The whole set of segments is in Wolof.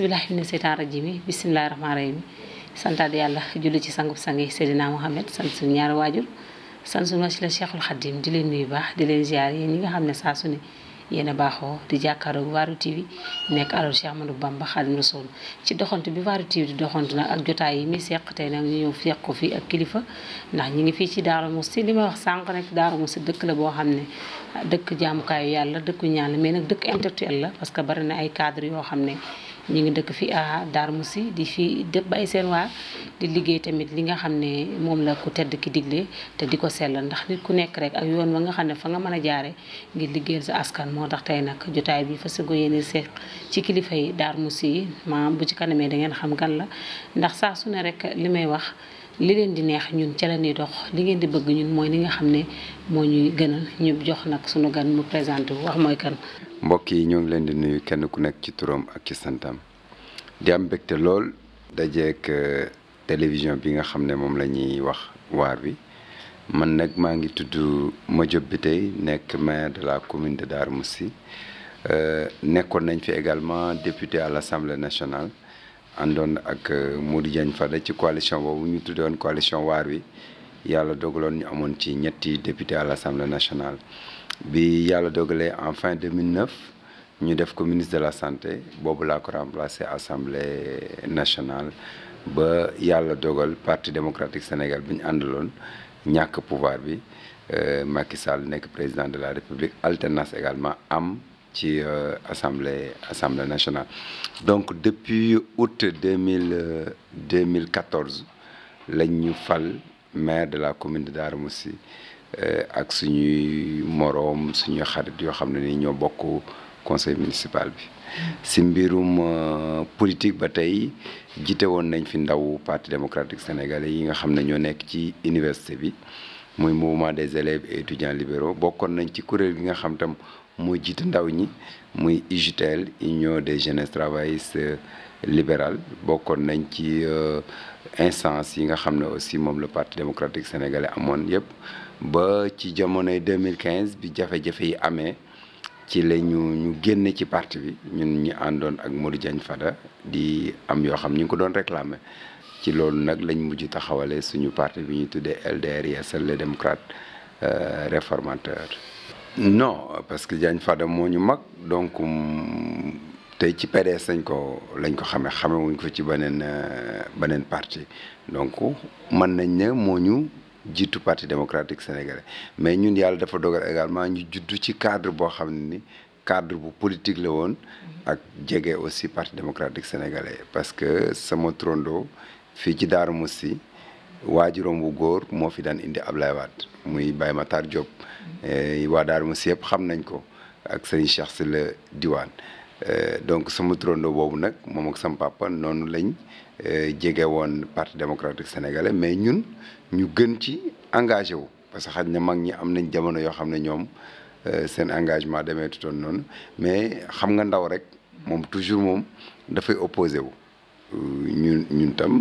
bisimilah fi ne seytaan rajim yi bisimilahi rahmaan rahim santaat yàlla julli ci sangub sang yi Seydina Mohamed sant suñu ñaari waajur sant suñu wasila Cheikhul Khadim di leen nuyu baax di leen ziar yéen ñi nga xam ne saa yéen a baaxoo di jàkkaaroog Waarwi TV nekk alal Cheikh Ahmadou Bamba Khadim Rasoul ci doxantu bi Waarwi TV di doxantu nag ak jotaay yi muy seq tey nag ñu ñëw seq ko fii ak kilifa ndax ñu ngi fii ci Darou Mouhty li ma wax sànq rek Darou Mouhty dëkk la boo xam ne dëkk jaamukaayu yàlla dëkku ñaan la mais nag dëkk intellectuel la parce que bari na ay cadre yoo xam ne ñu ngi dëkk fi à Darou Moussi di fi dëpp ba ay seen waa di liggéey tamit li nga xam ne moom la ku tedd ki digle te di ko sellal ndax nit ku nekk rek ak yoon wa nga xam ne fa nga mën a jaare ngir liggéeyal sa askan moo tax tey nag jotaay bi fa sigo yéene seet ci kilifa yi Darou Moussi yi maam bu ci kanamee da ngeen xam gan la ndax saa su ne rek li may wax li leen di neex ñun ca la dox li ngeen di bëgg ñun mooy li nga xam ne moo ñuy gënal ñu jox nag sunu gan mu présenté wu wax mooy kan mbokk yi ñoo ngi leen di nuyu kenn ku nekk ci turam ak ci santam di am mbégte lool dajeek euh, télévision bi nga xam ne moom la ñuy wax waar wi man nag maa ngi tudd Madiop Bitèye nekk maire de la commune de Darou Mousty euh, nekkoon nañ fi également député à l'Assemblée nationale àndoon ak euh, Modou Diagne Fada ci coalition boobu ñu tuddoon coalition waar wi yàlla dogaloon ñu amoon ci ñetti député à l'Assemblée nationale bi yàlla dogalee en fin 2009 ñu def ko ministre de la santé boobu laa ko remplacé assemblée nationale ba yàlla dogal parti démocratique Sénégal bi ñu àndaloon ñàkk pouvoir bi euh, Macky Sall nekk président de la République alternance également am ci euh, assemblée assemblée nationale. donc depuis août deux mille euh, deux mille quatorze lañ ñu fal maire de la commune de Darou Euh, ak suñuy moroom suñuy xarit yoo xam ne ni ñoo bokk conseil municipal bi si mbirum euh, politique ba tey jiite woon nañ fi ndaw parti démocratique sénégalais yi nga xam ne ñoo nekk ci université bi muy mouvement des élèves et étudiants libéraux bokkoon nañ ci kuréel gi nga xam tam muy jiite ndaw ñi muy UJTL union des jeunes travaillistes libéral bokkoon nañ ci euh, instance yi nga xam ne aussi moom la parti démocratique sénégalais amoon yëpp ba ci jamonoy 2015 bi jafe-jafe yi amee ci la ñu ñu génn ci parti bi ñun ñu àndoon ak Modou Diagne Fada di am yoo xam ñu ngi ko doon réclamer ci loolu nag lañ mujj taxawale suñu parti bi ñu tuddee LDR Yeesal les démocrates euh, réformateur no parce que Diagne Fada moo ñu mag donc mm, tey ci PDS lañ ko lañ ko xamee xamewuñ ko ci beneen euh, beneen parti donc mën nañ ne moo ñu jiitu parti democratique sénégalais mais ñun yàlla dafa dogal également ñu juddu ci cadre boo xam ne ni cadre bu politique la woon ak jege aussi parti démocratique sénégalais parce que sama trondo fii ci Darou Moussi waajuram wu góor moo fi daan indi Ablaye Wade muy Baye Matar Diop waa Darou Moussi yëpp xam nañ ko ak sëñ Cheikh si la diwaan euh, donc sama turandoo boobu nag moom ak sama papa noonu lañ euh, jege woon parti démocratique sénégalais mais ñun ñu gën ci engagé wu parce que xaj na mag ñi am nañ jamono yoo xam ne ñoom euh, seen engagement demee tutoon noonu mais xam nga ndaw rek moom toujours moom dafay opposé wu euh, ñun ñun tam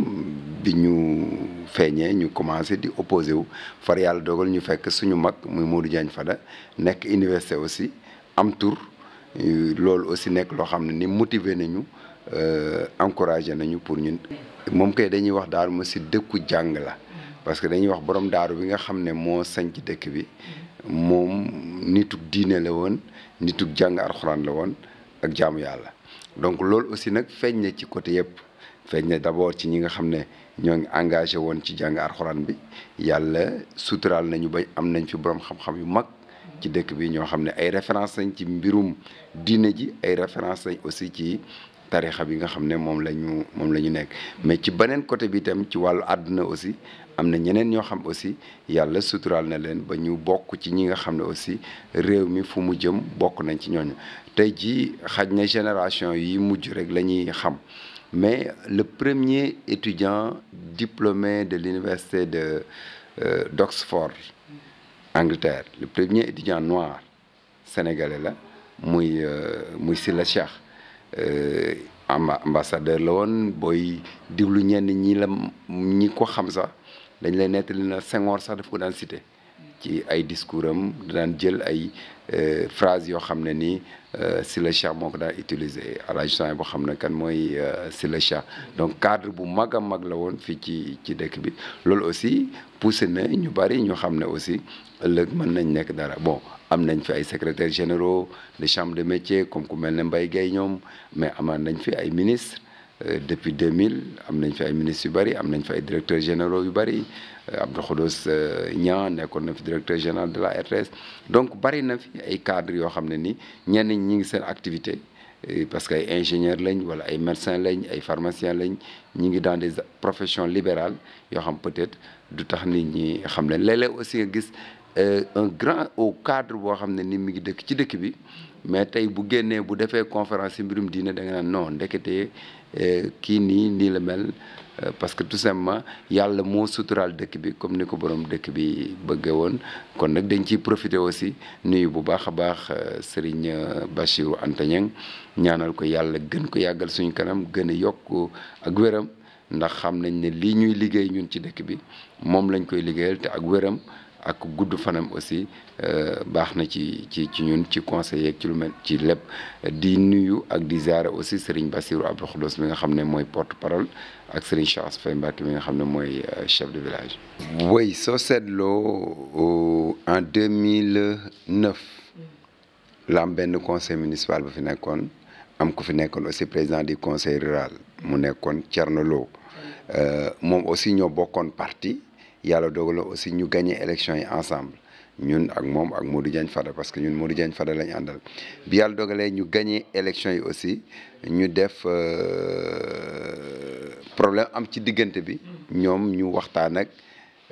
bi ñu feeñee ñu commencé di opposé wu far yàlla dogal ñu fekk suñu mag muy Modou Diagne Fada nekk université aussi am tour euh, loolu aussi nekk loo xam ne ni motiver nañu encouragé nañu pour ñun moom kay dañuy wax daal mu si dëkku jàng la parce que dañuy wax borom daaru bi nga xam ne moo sañ ci dëkk bi moom nitug diine la woon nitug jàng alxuraan la woon ak jaamu yàlla donc loolu aussi nag feeñ na ci côté yëpp feeñ na d'abord ci ñi nga xam ne ñoo ngi engagé woon ci jàng alxuraan bi yàlla suturaal nañu ba am nañ fi borom xam-xam yu mag ci dëkk bi ñoo xam ne ay référence lañ ci mbirum diine ji ay référence lañ aussi ci tarixa bi nga xam ne moom la ñu moom la ñu nekk mais ci beneen côté bi itam ci wàllu àdduna aussi am na ñeneen ñoo xam aussi yàlla suturaal na leen ba ñu bokk ci ñi nga xam ne aussi réew mi fu mu jëm bokk nañ ci ñooñu tey jii xaj na génération yi mujj rek la ñuy xam mais le premier étudiant diplômé de l'université de euh, d'Oxford Angleterre le premier étudiant noir sénégalais la muy euh, muy Sylla Cheikh euh, ambassadeur la woon booy diglu ñenn ñi la ñi ko xam sax dañ lay nettali na Senghor sax daf ko daan cité ci ay discours am daan jël ay euh, phrase yoo xam ne nii euh, Sylla Cheikh moo ko daan utiliser alagisant boo xam ne kan mooy si euh, Sylla Cheikh donc cadre bu mag a mag la woon fii ci ci dëkk bi loolu aussi poussé na ñu bari ñu xam ne aussi ëllëg mën nañ nekk dara bon am nañ fi ay secrétaires générau de chambre de métier comme ku mel ne Mbaye Guèye ñoom mais amaan nañ fi ay ministres Euh, depuis deux mille am nañ fi ay ministre yu bari am nañ fi ay directeur généraux yu bëri euh, Abdou Khoudous euh, Niang nekkoon na fi directeur général de la RTS donc bari na fi ay cadre yoo xam ne ni ñenn ñi ngi seen activité parce que ay ingénieurs lañ wala ay médecins lañ ay pharmaciens lañ ñi ngi dans des professions libérales yoo xam peut-être du tax nit ñi xam leen léeg-léeg aussi nga gis un grand au cadre boo xam ne ni mi ngi dëkk ci dëkk bi mais tey bu génnee bu defee conférence ci diine da nga naan non ndeketee. Euh, kii nii nii la mel euh, parce que tout simplement yàlla moo suturaal dëkk bi comme ni ko borom dëkk bi bëggee woon kon nag dañ ci profité aussi nuyu bu baax a baax euh, Serigne Bachirou Anta Niang ñaanal ko yàlla gën ko yàggal suñu kanam gën a yokk ak wéram ndax xam nañ ni lii ñuy liggéey ñun ci dëkk bi moom lañ koy liggéeyal te ak wéram ak gudd fanam aussi euh, baax na ci ci ci ñun ci conseiller ci lu mel ci lépp di nuyu ak di ziare aussi Serigne Bassirou Abdou Khoudoss mi nga xam ne mooy porte parole ak Serigne Charles Faye Mbacke mi nga xam ne mooy euh, chef de village. oui soo seetloo euh, en 2009 la am benn conseil municipal bu fi nekkoon am ku fi nekkoon aussi président du conseil rural mu nekkoon Thierno Lo moom aussi ñoo bokkoon parti. yàlla dogaloon aussi ñu gagné élection yi ensemble ñun ak moom ak Modou Diagne Fada parce que ñun Modou Diagne Fada lañ àndal bi yàlla dogalee ñu gagné élection yi aussi ñu def euh, problème am ci diggante bi ñoom ñu waxtaan ak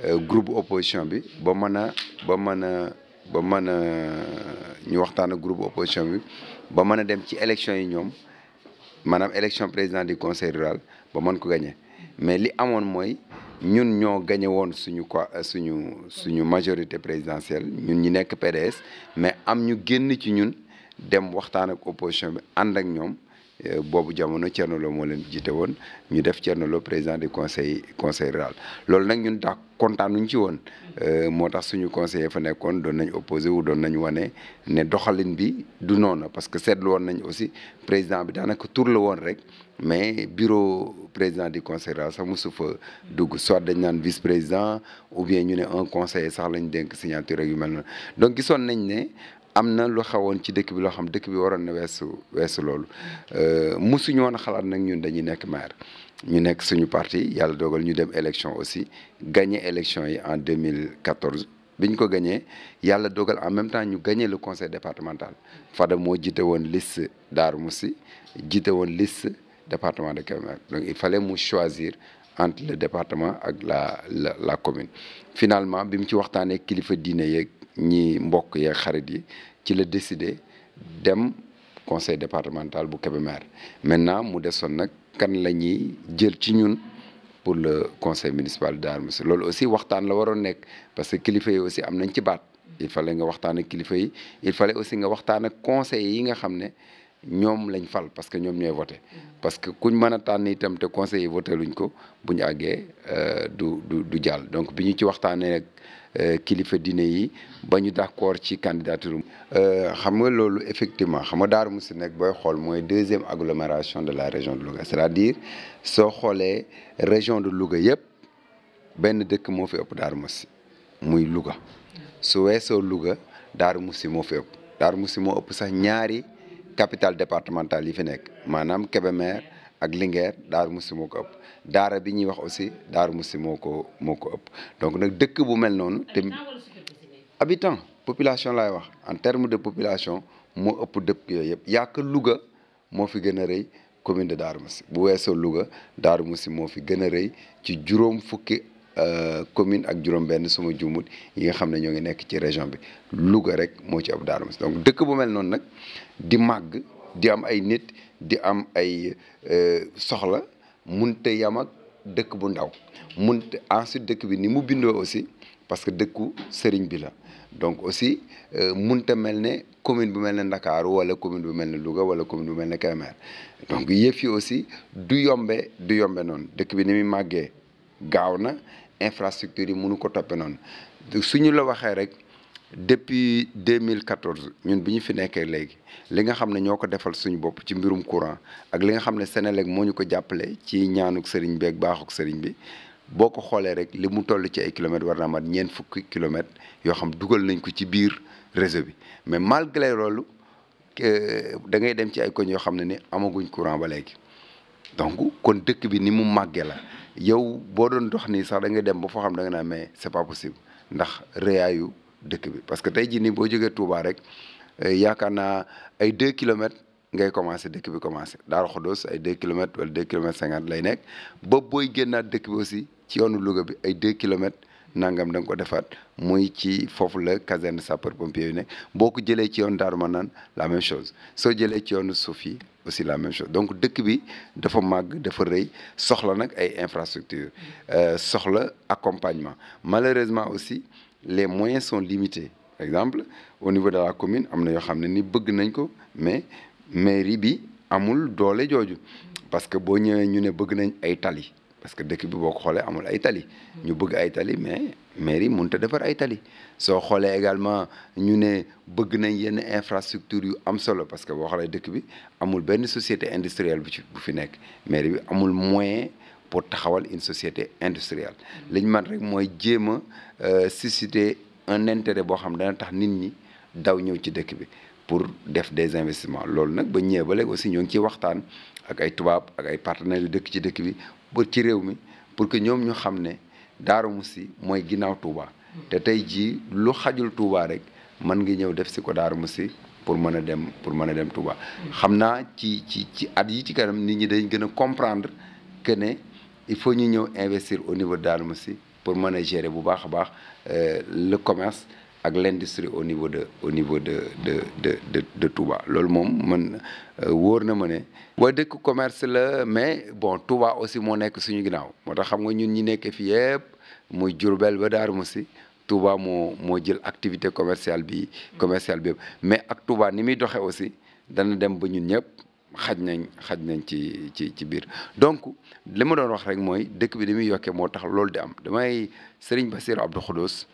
euh, groupe opposition bi ba mën a ba mën a ba mën a ñu waxtaan ak groupe opposition bi ba mën a dem ci élection yi ñoom maanaam élection président du conseil rural ba mën ko gagné mais li amoon mooy ñun ñoo gagné suñu quoi euh, suñu suñu majorité présidentielle ñun ñi nekk PDS mais am ñu génn ci ñun dem waxtaan ak opposition bi ànd ak ñoom Euh, boobu jamono Thierno Lo moo leen jiite woon ñu def Thierno Lo président du conseil conseil rural loolu nag ñun tax ñu ci woon euh, moo tax suñu conseiller fa nekkoon doon nañ opposé wu doon nañ wane ne doxalin bi du noonu parce que seetlu woon nañ aussi président bi daanaka tur la woon rek mais bureau président du conseil rural sax mosu fa dugg soit dañ naan vice président ou bien ñu ne un conseiller sax lañ dénk signature ak yu mel noonu donc gisoon nañ ne. am na lu xewoon ci dëkk bi loo xam dëkk bi waroon na weesu weesu loolu euh, mosuñu woon xalaat nag ñun dañuy nekk maire ñu nekk suñu parti yàlla dogal ñu dem élection aussi gagné élection yi en 2014 bi ñu ko gañee yàlla dogal en même temps ñu gañee le conseil départemental Fada moo jiite woon liste Darou Moussi jiite woon liste département de Kébémer donc il fallait mu choisir entre le département ak la la la commune finalement bi mu ci waxtaanee kilifa diine yeeg. ñi mbokk yeeg xarit yi ci la décidé dem conseil départemental bu Kébémer maintenant mu desoon nag kan la ñuy jël ci ñun pour le conseil municipal Darou Mousty loolu aussi waxtaan la waroon nekk parce que kilifa yi aussi am nañ ci baat il fallait nga waxtaan ak kilifa yi il fallait aussi nga waxtaan ak conseil yi nga xam ne. ñoom lañ fal parce que ñoom ñooy voté parce que kuñ mën a tànn itam te conseil yi voté luñ ko bu ñu àggee euh, du du du jàll donc bi ñu ci waxtaanee ak euh, kilifa diine yi ba ñu d'accord ci candidature euh, xam nga loolu effectivement xam nga Darou Mousty nag booy xool mooy deuxième agglomération de la région de Louga c'est-à-dire soo xoolee région de Louga yëpp benn dëkk moo fi ëpp Darou Mousty muy Louga su weesoo Louga Darou Mousty moo fi ëpp moo ëpp sax ñaari. capital départemental yi fi nekk maanaam Kébémer ak Linguère Darou Moussi moo ko ëpp daara bi ñuy wax aussi Darou Moussi moo ko moo ko ëpp donc nag dëkk bu mel noonu te habitant population laay wax en terme de population moo ëpp dëpp yooyu yëpp yàq Louga moo fi gën a rëy commune de Darou Moussi bu weesoo Louga Darou Moussi moo fi gën a rëy ci juróom fukki euh, commune ak juróom-benn suma juumut yi nga xam ne ñoo ngi nekk ci région bi Louga rek moo ci ëpp Darou Moussi donc dëkk bu mel noonu nag di màgg di am ay nit di am ay euh, soxla mun te ak dëkk bu ndaw munte ensuite dëkk bi ni mu bindoo aussi parce que dëkku sëriñ bi la donc aussi euh, munte mel ne commune bu mel ne Ndakaaru wala commune bu mel ne Louga wala commune bu mel ne Kébémer donc yëf yi aussi du yombe du yombe noonu dëkk bi ni muy màggee gaaw na infrastructure yi munu ko toppe noonu su ñu la waxee rek depuis 2014 ñun bi ñu fi nekkee léegi li nga xam ne ñoo ko defal suñu bopp ci mbirum courant ak li nga xam ne Senelec moo ñu ko jàppale ci ñaanuk sëriñ bi ak baaxuk sëriñ bi boo ko xoolee rek li mu toll ci ay kilomètres war naa mat ñeent fukki kilomètres yoo xam dugal nañ ko ci biir réseau bi mais malgré loolu da ngay dem ci ay koñ yoo xam ne ni amaguñ courant ba léegi donc kon dëkk bi ni mu màggee la yow boo doon dox nii sax da ngay dem ba foo xam da nga naan mais c'est pas possible ndax rëyaayu dëkk bi parce que tey jii nii boo jógee Touba rek euh, yaakaar naa ay deux kilomètres ngay commencé dëkk bi commencé Daaru Xoddos ay deux kilomètres wala deux lay nekk ba booy génnaat dëkk bi aussi ci yoonu Louga bi ay deux kilomètres nangam da ko defaat muy ci foofu la caserne sapeur pompier yi nekk boo ko jëlee ci yoon Daaru Manaan la même chose soo jëlee ci yoonu suuf yi aussi la même chose donc dëkk bi dafa màgg dafa rëy soxla nag ay infrastructure euh, soxla accompagnement malheureusement aussi les moyens sont limités par exemple au niveau de la commune am na yoo xam ne ni bëgg nañ ko mais mairi bi amul doole jooju parce que boo ñëwee ñu ne bëgg nañ ay tali parce que dëkk bi boo xoolee amul ay tali ñu bëgg ay tali mais mairie mënut a defar ay tali soo xoolee également ñu ne bëgg nañ yenn infrastructure yu am solo parce que boo xoolee dëkk bi amul benn société industrielle bu ci bu fi nekk mairie bi amul moyen pour taxawal une société industrielle li ñu man rek mooy jéem a euh, susciter un intérêt boo xam dana tax nit ñi daw ñëw ci dëkk bi pour def des investissements loolu nag ba ñëwee ba léegi aussi ñoo ngi ciy waxtaan ak ay tubaab ak ay partenaires yu dëkk ci dëkk bi pour ci réew mi pour que ñoom ñu xam ne daaru musi mooy ginnaaw Touba. te tey ji lu xajul Touba rek man ngi ñëw def si ko Darou Moussi pour mën a dem pour mën a dem Touba. xam naa ci ci ci at yi ci kanam nit ñi dañ gën comprendre que ne. il faut ñu ñëw investir au niveau de Darou pour mën a gérer bu baax a baax euh, le commerce ak l'industrie au niveau de au niveau de de de de Touba loolu moom man euh, wóor na ma ne. waa dëkk commerce la mais bon Touba aussi moo nekk suñu ginnaaw moo tax xam nga ñun ñi nekk fii yëpp muy Diourbel ba Darou Mousty Touba moo moo jël activité commerciale bi commerciale bi mais ak Touba ni muy doxee aussi dana dem ba ñun ñëpp. xaj nañ xaj nañ ci ci ci biir donc li ma doon wax rek mooy dëkk bi li muy yokkee moo tax loolu di am damay Serigne Bassirou Abdou Khoudous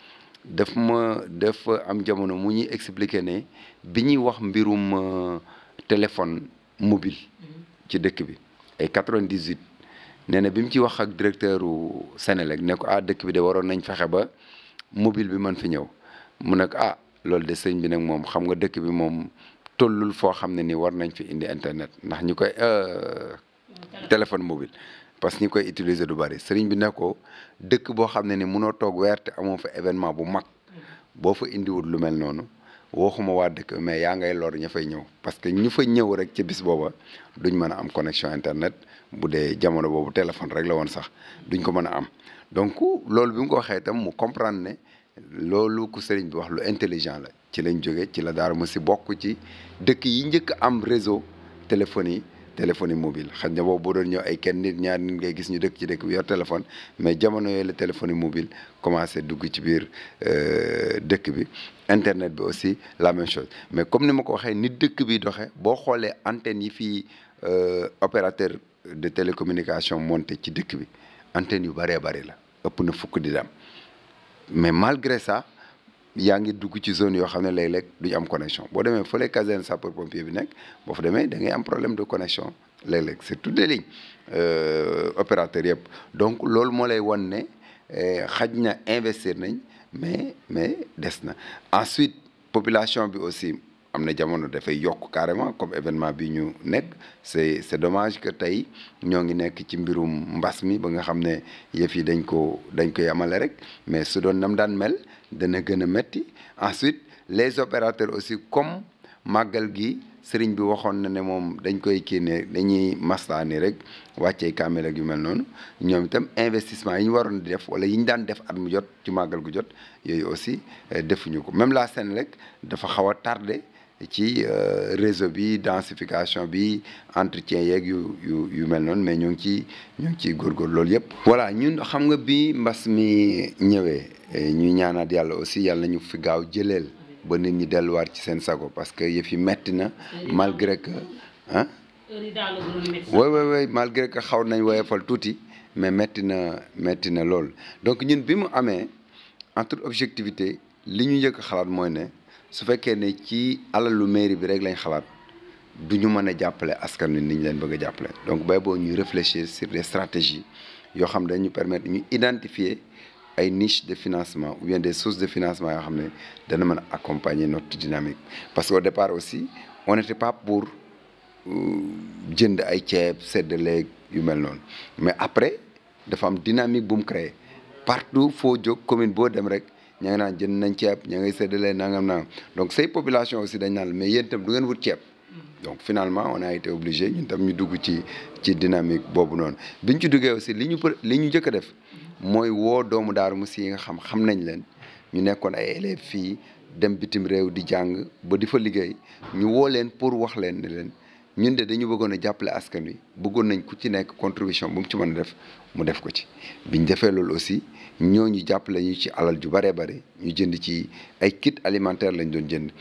daf ma daf am jamono mu ñuy expliquer ne bi ñuy wax mbirum euh, téléphone mobile ci dëkk bi ay 98 nee na bi mu ci wax ak directeur u Sénélec ne ah dëkk bi de waroon nañ fexe ba mobile bi mën fi ñëw mu ne ah loolu de sëñ bi nag moom xam nga dëkk bi moom tollul foo xam ne ni war nañ fi indi internet ndax ñu koy euh, téléphone mobile parce que ñu koy utiliser du bari sëriñ bi ne ko dëkk boo xam ne ni mënoo toog weerte te amoo fa événement bu mag mm-hmm. boo fa indiwul lu mel noonu waxuma waa dëkk mais yaa ngay lor ña fay ñëw parce que ñu fa ñëw rek ci bis booba duñ mën a am connexion internet bu dee jamono boobu téléphone rek la woon sax duñ ko mën a am donc loolu bi mu ko waxee itam mu comprendre ne loolu ku sëriñ bi wax lu intelligent la ci lañ jóge ci la Darou mosi bokk ci dëkk yi njëkk am réseau téléphonie téléphonie mobile xëy na boobu boo doon ñëw ay kenn nit ñaar nit ngay gis ñu dëkk ci dëkk bi yor téléphone mais jamono yooyu la téléphonie mobile commencé dugg ci biir euh, dëkk bi internet bi aussi la même chose mais comme ni ma ko waxee nit dëkk bi doxe boo xoolee antenne yi fii euh, opérateur de télécommunication monté ci dëkk bi antenne yu bëree bëri la ëpp na fukk di mais malgré ça yaa ngi dugg ci zone yoo xam ne léeg-léeg duñu am connexion boo demee fële caserne sapeur pompier bi nekk boo fa demee da ngay am problème de connexion léeg-léeg c'est toutes les lignes euh, opérateurs yëpp donc loolu moo wan ne eh, xaj na investir nañ mais mais des na ensuite population bi aussi am na jamono dafay yokk carrément comme événement bi ñu nekk c'est c'est dommage que tey ñoo ngi nekk ci mbirum mbas mi ba nga xam ne yëf yi dañ ko dañ ko yamale rek mais su nam daan mel dana gën a metti ensuite les opérateurs aussi comme màggal gi sëriñ bi waxoon na ne moom dañ koy kii ne dañuy mastaani rek wàccee kaamel ak yu mel noonu ñoom itam investissement yi ñu waroon def wala yi ñu daan def at mu jot ci màggal gu jot yooyu aussi eh, defuñu ko même la Senelec dafa xaw a tardé ci euh, réseau bi densification bi entretien yeeg yu yu yu mel noonu mais ñoo ngi ci ñu ngi ciy góorgóor loolu yëpp. voilà ñun xam nga bi mbas mi ñëwee eh, ñu ñaanaat yàlla aussi yàlla ñu fi gaaw jëleel ba nit ñi delluwaat ci seen sago parce que yëf yi metti na malgré que ah. oui oui oui malgré que xaw nañ woyofal tuuti mais metti na metti na lool donc ñun bi mu amee entre objectivité li ñu njëkk xalaat mooy ne. su fekkee ne ci alalu mairie bi rek lañ xalaat du ñu mën a jàppale askan wi ni ñu leen bëgg a jàppale donc bay boo ñuy réfléchir sur des stratégies yoo xam dañu permettre ñu identifier ay niche de financement ou bien des sources de financement yoo xam ne dana mën a accompagner not dynamique parce que au départ aussi on n'était pas pour euh, jënd ay ceeb seddaleeg yu mel noonu mais après dafa am dynamique bu mu créé partout foo jóg commune boo dem rek ña ngi jënd nañ ceeb ña ngay séddalee nangam nangam donc say population aussi dañ naan mais yéen itam du ngeen wut mm. finalement on a été obligé ñu dugg ci ci dynamique boobu noonu biñ ci duggee aussi li ñu li ñu njëkk a def mooy woo doomu Darou Mousty yi nga xam xam nañ leen ñu nekkoon ay élèves fii dem bitim réew di jàng ba di fa liggéey ñu woo leen pour wax leen leen ñun de dañu bëggoon a jàppale askan wi bëggoon nañ ku ci nekk contribution bu mu ci mën a def mu def ko ci biñ defee loolu aussi ñooñu jàppale ñu ci alal ju bare bare ñu jënd ci ay kit alimentaire lañ doon jënd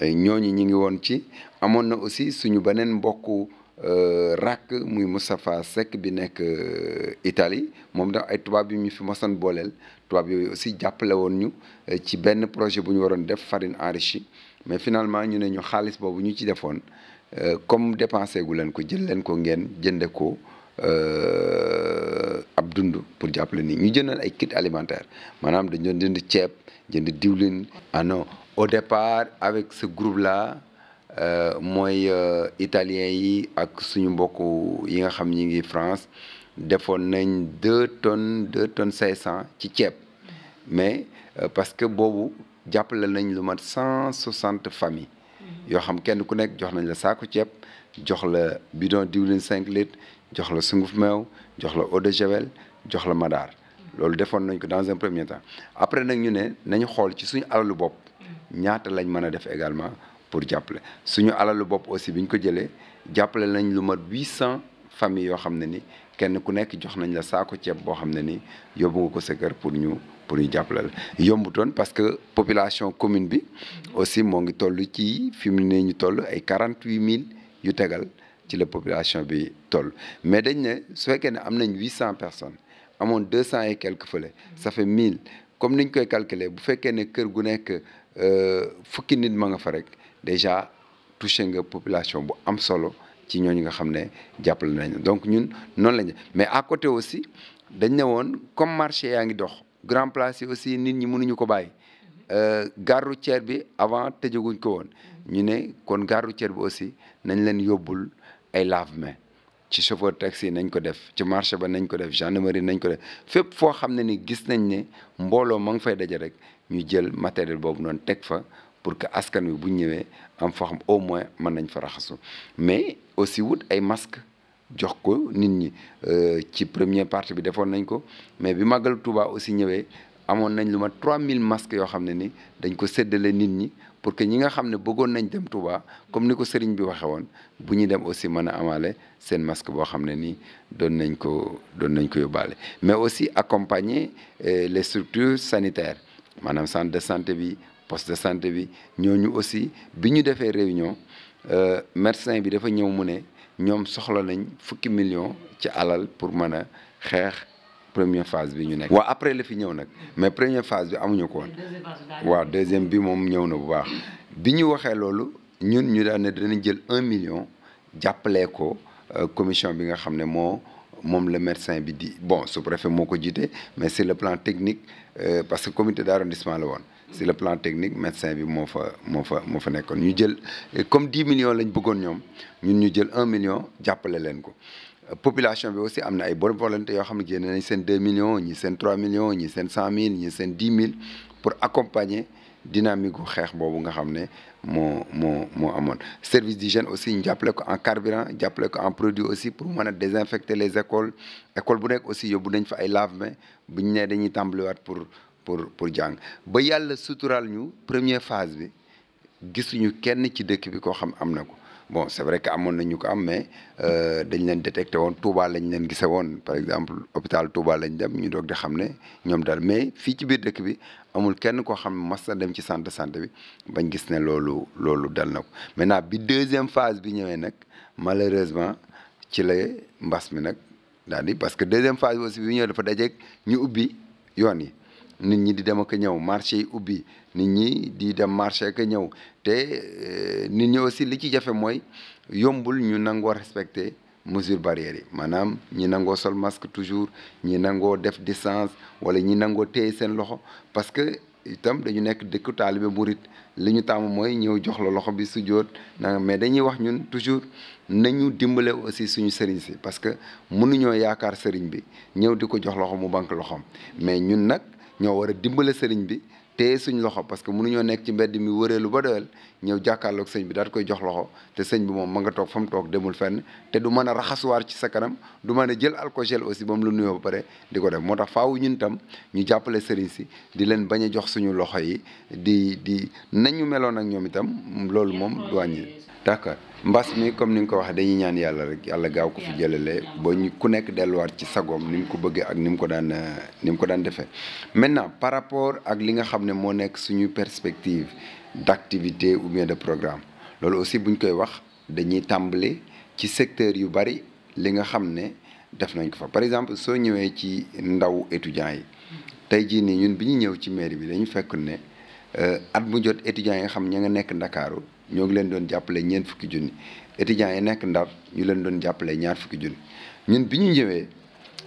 ñooñu ñu ngi woon ci amoon na aussi suñu beneen mbokku euh, rakk muy Moustapha Seck bi nekk euh, itali moom da ay tubaab yu ñu fi mosan booleel tubaab yooyu aussi jàppale woon ñu euh, ci benn projet bu ñu waroon def farine enrichie mais finalement ñu ne ñu xaalis boobu ñu ci defoon comme dépensé gu leen ko jël leen ko ngeen jënde ko ab dund pour jàppale nii ñu jëndoon ay kit alimentaire maanaam dañ doon jënd ceeb jënd diwlin ah non au départ avec ce groupe là euh, mooy euh, italien yi ak suñu mbokk yi nga xam ñi ngi France defoon nañ deux tonnes deux tonnes cinq cent ci ceeb mais euh, parce que boobu jàppale nañ lu mat cent soixante famille mm-hmm. yoo xam kenn ku nekk jox nañ la saako ceeb jox la bidon diwlin cinq litres jox la sunguf meew jox la eau de javel jox la madaar loolu defoon nañ ko dans un premier temps après nag ñu ne nañu xool ci suñu alalu bopp ñaata lañ mën a def également pour jàppale suñu alalu bopp aussi bi ko jëlee jàppale nañ lu mat huit cent familles yoo xam ne ni kenn ku nekk jox nañ la saako ceeb boo xam ne ni yóbbu nga ko sa kër pour ñu pour ñu jàppale la yombutoon parce que population commune bi aussi moo ngi toll ci fi mu ne ñu toll ay quarante huit mille ci la population bi toll mais dañ ne su fekkee ne am nañ huit cent personnes amoon deux cent et quelques fële ça comme niñ koy calculer bu fekkee ne kër gu nekk euh, fukki nit ma nga fa rek déjà touché nga population bu am solo ci ñooñu nga xam ne jàppale nañ donc ñun noonu lañ mais à côté aussi dañ ne woon comme marché yaa ngi dox grand place yi aussi nit ñi mënuñu ko bàyyi euh, gare routière bi avant tëjaguñ ko woon ñu ne kon gare routière bi aussi nañ leen yóbbul ay lave mais ci chauffeur taxi nañ ko def ci marché ba nañ ko def gendarmerie nañ ko def fépp foo xam ne ni gis nañ ne mbooloo ma nga fay daje rek ñu jël matériel boobu noon teg fa pour que askan wi bu ñëwee am foo xam au moins mën nañ fa raxasu mais aussi wut ay masques jox ko nit ñi euh, ci premier partie bi defoon nañ ko mais bi màggal Touba aussi ñëwee amoon nañ lu ma mille masques yoo xam ne ni dañ ko séddale nit ñi. pour que ñi nga xam ne bëggoon nañ dem Touba comme ni ko sëriñ bi waxe woon bu ñu dem aussi mën a amaale seen masque boo xam ne nii doon nañ ko doon nañ ko yóbbaale mais aussi accompagner eh, les structures sanitaires maanaam centre de santé bi poste de santé bi ñooñu aussi bi ñu defee réunion euh, médecin bi dafa ñëw mu ne ñoom soxla nañ fukki million ci alal pour mën a xeex première phase bi ñu nekk. waa après lafi ñëw nag mais première phase bi amuñu ko woon waaw deuxième bi moom ñëw na bu baax bi ñu waxee loolu ñun ñu daan ne danañ jël million jàppalee ko euh, commission bi nga xam ne moo moom le médecin bi di bon sous-préfet moo ko jiite mais sur le plan technique euh, parce que comité d'arrondissement la woon. sur le plan technique médecin bi moo fa moo fa moo fa nekkoon ñu jël comme 10 millions lañ bëggoon ñoom ñun ñu jël un million jàppale leen ko. population bi aussi am na ay bonne volonté yoo xam ne génne nañ seen deux millions ñi seen trois millions ñi seen cent mille ñi pour accompagner dynamique gu xeex boobu nga xam ne moo moo moo amoon service di d'hygiène aussi ñu jàppale ko en carburant jàppale ko en produit aussi pour mën a désinfecter les écoles école bu nekk aussi yóbbu nañ fa ay lave-mains bu ñu nee dañuy tàmbaliwaat pour pour pour jàng ba yàlla suturaal ñu première phase bi gisuñu kenn ci dëkk bi koo xam am na ko bon c' est vrai que amoon na ñu ko am mais euh, dañ leen détecté woon Touba lañ leen gise woon par exemple hôpital Touba lañ dem ñu doog di xam ne ñoom daal mais fii ci biir dëkk bi amul kenn koo xam masa dem ci centre de santé bi bañ gis ne loolu loolu dal na ko maintenant bi deuxième phase bi ñëwee nag malheureusement ci la mbas mi nag daal di parce que deuxième phase bi aussi bi ñëwee dafa dajeeg ñu ubbi yoon yi nit ñi di dem ak ñëw marché yi ubbi nit ñi di dem marché ak ñëw te eh, nit ñi aussi li ci jafe mooy yombul ñu nangoo respecte mesure barrière yi maanaam ñi nangoo sol masque toujours ñi nangoo def di distance wala ñi nangoo téye seen loxo parce que itam dañu nekk dëkku taalibe rit li ñu tàmm mooy ñëw jox la loxo bi sujjóot na mais dañuy wax ñun toujours nañu dimbale aussi suñu sëriñ si parce que mënuñoo yaakaar sëriñ bi ñëw di ko jox loxo mu banque loxoom mais ñoo war a dimbale sëriñ bi te suñu loxo parce que mënuñoo nekk ci mbedd mi wëreelu ba doyal ñëw jàkkaarloog sëñ bi daal koy jox loxo te sëñ bi moom ma nga toog fa toog demul fenn te du mën a raxasuwaar ci sa kanam du mën a jël alcool aussi ba mu la nuyoo ba pare di ko def moo tax faawu ñun tam ñu jàppale sëriñ si di leen bañ jox suñu loxo yi di di nañu meloon ak ñoom itam loolu moom du wàññi d'accord mbas mi comme ni nga ko waxee dañuy ñaan yàlla rek yàlla gaaw ko fi jëlale ba ñu ku nekk delluwaat ci sagoom ni mu ko bëggee ak ni mu ko daan ni mu ko daan defee maintenant par rapport ak li nga xam ne moo nekk suñu perspective d'activité ou bien de programme loolu aussi bu ñu koy wax dañuy tàmbali ci secteur yu bari li nga xam ne def nañ ko fa par exemple soo ñëwee ci ndaw étudiants yi tey jii nii ñun bi ñu ñëw ci mairie bi dañu fekk ne euh, at bu jot étudiants yi xam ña nga nekk Ndakaaru ñoo ngi leen doon jàppale ñeent fukki junni étudiants yi nekk Ndar ñu leen doon jàppale ñaar fukki junni ñun bi ñu ñëwee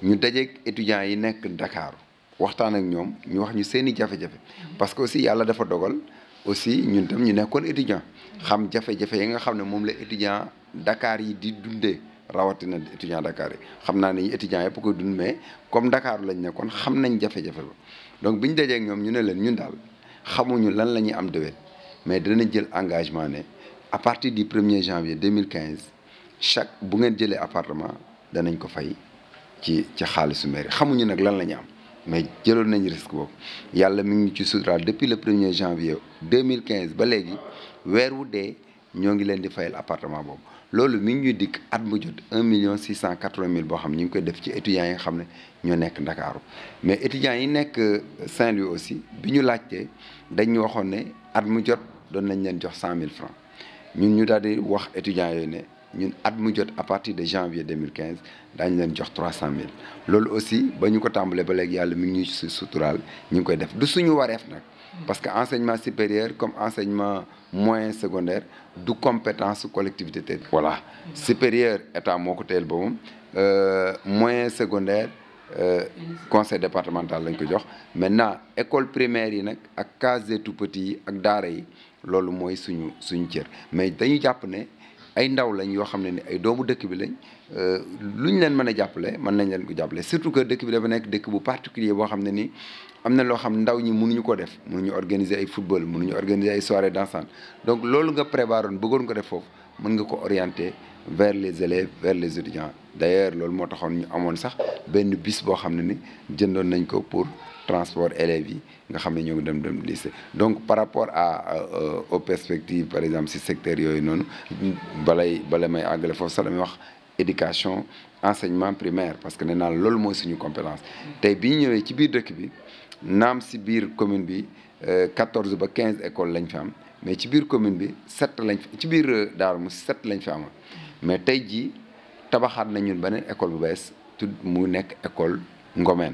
ñu dajeeg étudiants yi nekk Dakar waxtaan ak ñoom ñu wax ñu seen i jafe-jafe mm-hmm. parce que aussi yàlla dafa dogal aussi ñun tam ñu nekkoon étudiant xam jafe yi nga xam ne moom la étudiant dakaar yi di dundee rawatina étudiant Dakar yi xam naa ne étudiant yëpp koy dund mais comme Dakar lañ nekkoon xam nañ jafe-jafe ba donc bi ñu dajeeg ñoom ñu ne leen ñun daal xamuñu lan la ñuy am déwén mais danañ jël engagement ne à partir du 1er janvier 2015 chaque bu ngeen jëlee appartement danañ ko fay ci ci xaalisu mairie xamuñu nag lan la ñu am mais jëloon nañ risque boobu yàlla mi ngi ci suturaal depuis le 1er janvier 2015 ba léegi weer wu dee ñoo ngi leen di fayal appartement boobu loolu mi ngi ñuy dikk at mu jot 1 million 680 mille boo xam ne ñu ngi koy def ci étudiants yi nga xam ne ñoo nekk Ndakaaru mais étudiants yi nekk Saint-Louis aussi bi ñu laajtee dañ ñu waxoon ne at mu jot. doon nañ leen jox cent mille francs ñun ñu daal di wax étudiants yooyu ne ñun at mu jot à partir de janvier 2015 daañu leen jox 300000 loolu aussi ba ñu ko tàmbalee ba léegi yàlla mi ngi ñu si suturaal ñu ngi koy def du suñu wareef nag. parce que enseignement supérieur comme enseignement moyen secondaire du compétence collectivité territoriale. voilà supérieur état moo ko teel boobu euh, moyen secondaire euh, conseil départemental lañ ko jox maintenant école primaire yi nag ak case des tout petits yi ak daara yi. loolu mooy suñu suñu cër mais dañu jàpp ne ay ndaw lañ yoo xam ne ni ay doomu dëkk bi lañ euh, lu ñu leen mën a jàppale mën nañ leen ko jàppale surtout que dëkk bi dafa nekk dëkk bu particulier boo xam ne ni am na loo xam ndaw ñi mënuñu ko def ñu organiser ay football mënuñu organiser ay soirée dansante donc loolu nga préparoon bëggoon ko def foofu mën nga ko orienter vers les élèves vers les étudiants d'ailleurs loolu moo taxoon ñu amoon sax benn bis boo xam ne ni jëndoon nañ ko pour transport élèves yi nga xam ne ñoo ngi dem dem lycée donc par rapport à euh, aux perspectives par exemple si secteur yooyu noonu balay bala may àggale foofu sax damay wax éducation enseignement primaire parce que nee naa loolu mooy suñu compétence tey bi ñu ñëwee ci biir dëkk bi naam si biir commune bi 14 euh, ba 15 écoles lañ fi am mais ci biir commune bi 7 lañ ci biir euh, Darou Mousty 7 lañ fi amoon mais tey jii tabaxaat nañ ñun beneen école bu bees tudd mu nekk école Ngomeen